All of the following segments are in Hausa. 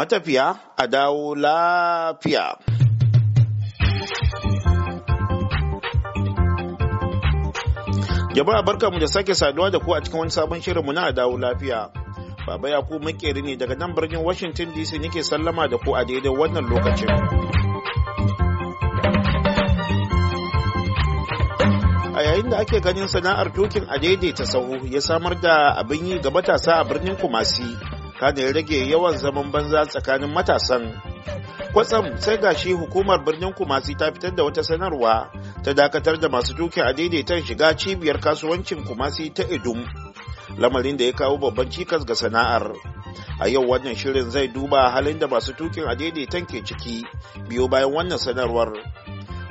matafiya a dawo lafiya. Jama'a barka mu da sake saduwa da ku a cikin wani sabon shirinmu na dawo lafiya. Baba ya ku makeri ne daga nan birnin Washington DC nake sallama da ku a daidai wannan lokacin. A yayin da ake ganin sana'ar tokin a daidaita sahu ya samar da abin yi ga matasa a birnin Kumasi. kanin rage yawan zaman banza tsakanin matasan kwatsam sai ga shi hukumar birnin kumasi ta fitar da wata sanarwa ta dakatar da masu tukin a daidaitan shiga cibiyar kasuwancin kumasi ta idum lamarin da ya kawo babban cikas ga sana'ar a yau wannan shirin zai duba halin da masu tukin a daidaitan ke ciki biyo bayan wannan sanarwar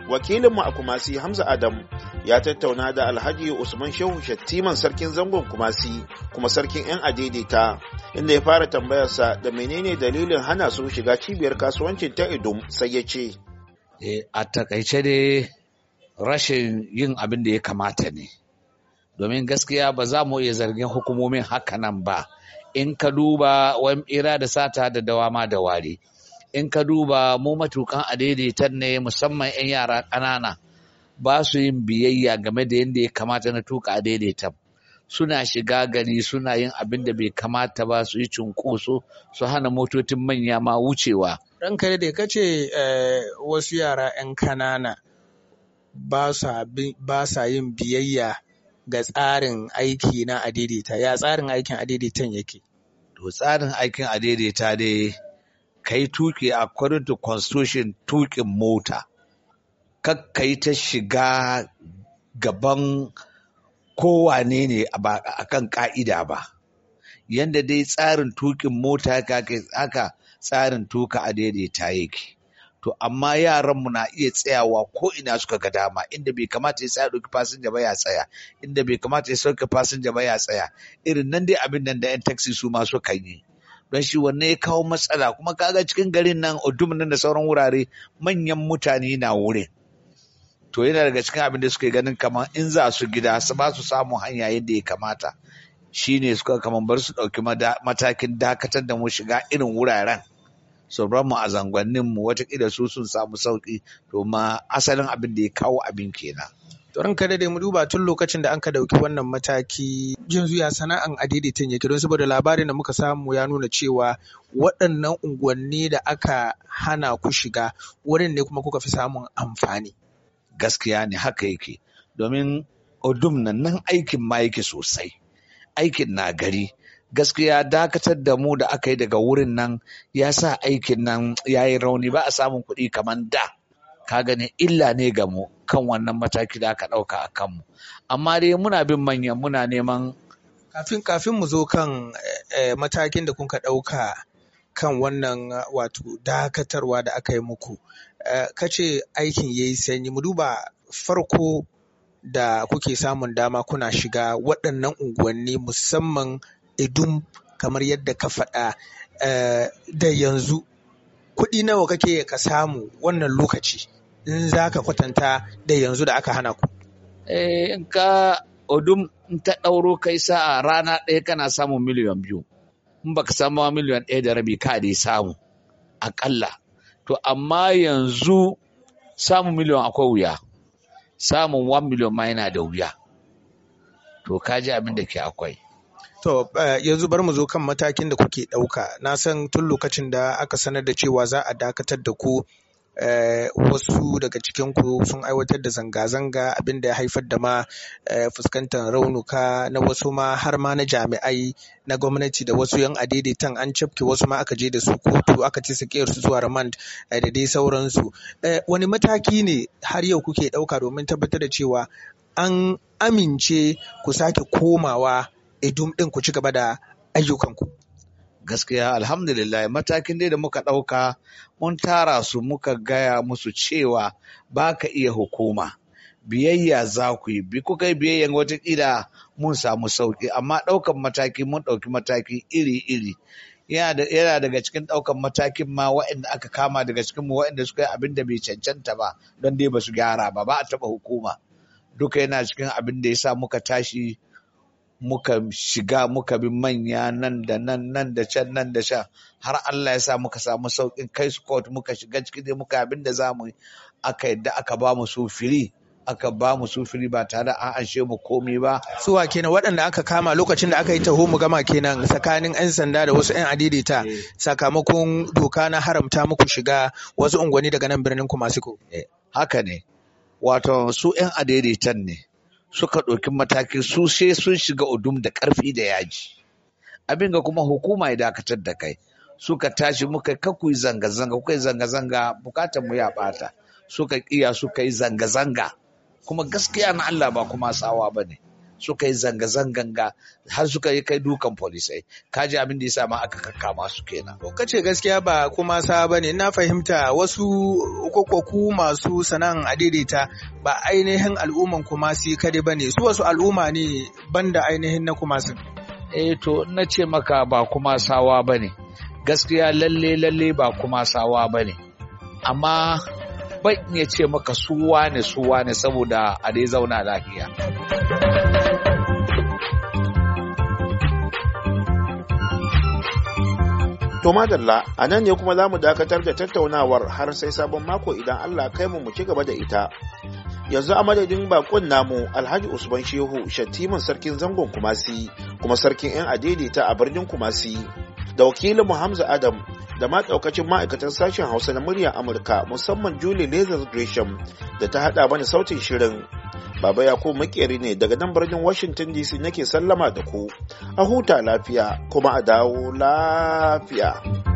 wakilinmu a kumasi hamza adam ya tattauna da alhaji usman shehu shattiman sarkin zangon kumasi kuma sarkin 'yan adaidaita inda ya fara tambayarsa da menene dalilin hana su shiga cibiyar kasuwancin ta idum sai ya ce eh, a takaice ne rashin yin abin da ya kamata ne domin gaskiya ba za mu iya zargin hukumomin haka nan ba in ka duba wani ira da sata da dawama da ware, in ka duba mu matukan adaidaitan ne musamman 'yan yara ƙanana ba su yin biyayya game da yadda ya kamata na tuka daidaita suna shiga gari suna yin abin da bai kamata ba su yi cunkoso su hana motocin manya ma wucewa. Ranka da ka ce eh, wasu yara 'yan kanana ba sa yin biyayya ga tsarin aiki na adidita ya tsarin aikin adiditan yake. To tsarin aikin adidita dai kai tuki according to constitution tukin mota. kakkai ta shiga gaban kowane ne a kan ka'ida ba yadda dai tsarin tukin mota aka tsarin tuka a daidaita yake to amma yaranmu na iya tsayawa ko ina suka ga dama inda bai kamata ya tsaya ɗauki fasinja ba ya tsaya inda bai kamata ya sauke fasinja ba ya tsaya irin nan dai abin nan da 'yan taxi su ma suka yi don shi wanne ya kawo matsala kuma kaga cikin garin nan odum nan da sauran wurare manyan mutane na wurin to yana daga cikin abin da suke ganin kamar in za su gida su ba su samun hanya yadda ya kamata shine suka kamar bar su dauki matakin dakatar da mu shiga irin wuraren sauran mu a zangonnin mu watakila su sun samu sauki to ma asalin abin da ya kawo abin kenan to kada da mu duba tun lokacin da an ka dauki wannan mataki jin zuya sana'an adiditin yake don saboda labarin da muka samu ya nuna cewa waɗannan unguwanni da aka hana ku shiga wurin ne kuma kuka fi samun amfani gaskiya ne haka yake domin odum nan nan aikin ma yake sosai aikin na gari gaskiya dakatar da mu da aka yi daga wurin nan ya sa aikin nan ya yi rauni ba a samun kuɗi kamar da ka gani illa ne ga mu kan wannan mataki da aka ɗauka a kanmu amma dai muna bin manyan muna neman kafin kafin mu zo kan eh, eh, matakin da kuka ɗauka kan wannan ah, wato dakatarwa da aka yi muku. Eh, Kace aikin yayi sanyi mu duba farko da kuke samun dama kuna shiga waɗannan unguwanni musamman Idum kamar yadda ka faɗa eh, da yanzu kuɗi nawa kake ka samu wannan lokaci in za ka kwatanta da yanzu da aka hana ku? Eh, in ka odum ta ɗauro kai sa'a rana ɗaya kana samun miliyan biyu. in baka samu miliyan ɗaya da rabi ka dai samu aƙalla to amma yanzu samun miliyan akwai wuya samun wan miliyan ma yana da wuya to ka ji abin da ke akwai To eh, yanzu bar mu zo kan matakin da kuke ɗauka. Na san tun lokacin da aka sanar da cewa za a dakatar da ku Eh, wasu daga cikin ku sun aiwatar da zanga-zanga abinda ya haifar da ma eh, fuskantar raunuka na wasu ma har ma na jami'ai na gwamnati da wasu yan adaidaitan an cafke wasu ma aka je da su kotu aka ci su zuwa remand eh, da dai sauransu wani mataki ne har yau kuke ɗauka domin tabbatar da cewa an amince ku sake komawa idum ɗin ku ci gaba da ayyukanku. gaskiya alhamdulillah matakin dai da muka ɗauka mun tara su muka gaya musu cewa ba ka iya hukuma biyayya za ku yi bi kuka yi biyayya watakila mun samu sauƙi amma ɗaukan mataki mun ɗauki mataki iri-iri yana daga cikin ɗaukan matakin ma wa'inda aka kama daga cikin mu waɗanda suka yi abin da bai cancanta ba don dai ba su gyara ba ba a taɓa hukuma duka yana cikin abin da ya sa muka tashi muka shiga muka bi manya nan da nan nan da can nan da can har Allah ya sa muka samu saukin kai su court muka shiga ciki dai muka abin da zamu yi aka yadda aka ba mu su aka ba mu su ba tare an anshe mu komai ba su wa kenan waɗanda aka kama lokacin da aka yi taho mu gama kenan tsakanin yan sanda da wasu yan adidita eh. sakamakon doka na haramta muku shiga wasu unguwanni daga nan birnin Kumasiku eh, haka ne wato su yan adidita ne suka ɗauki mataki su sai sun shiga udum da ƙarfi da yaji abin ga kuma hukuma ya dakatar da kai suka tashi muka kaku zanga-zanga kuka zanga-zanga bukatar mu ya ɓata suka kiya suka yi zanga-zanga kuma gaskiya na Allah ba kuma sawa ba ne suka yi zanga-zangan ga har suka yi kai dukan polisai eh. kaji abin da yasa ma aka kakkama su kenan kace gaskiya ba kuma sa bane na fahimta wasu kokoku masu sanan a daidaita ba ainihin al'umman kuma su kade bane su wasu al'umma ne banda ainihin na kuma su eh to na ce maka ba kuma sawa bane gaskiya lalle lalle ba kuma sawa bane amma in ya ce maka suwa ne suwa ne saboda a dai zauna lafiya. To madalla a nan ne kuma za mu dakatar da tattaunawar har sai sabon mako idan Allah kai mu mu ci gaba da ita. Yanzu a madadin bakon namu Alhaji Usman Shehu Shattiman sarkin zangon Kumasi kuma sarkin 'yan adaidaita a birnin Kumasi da wakilin Hamza Adam da ma daukacin ma'aikatan sashen hausa na murya amurka musamman julie lazar gresham da ta hada mana sautin shirin baba yakubu makeri ne daga nan birnin washington dc nake sallama da ku a huta lafiya kuma a dawo lafiya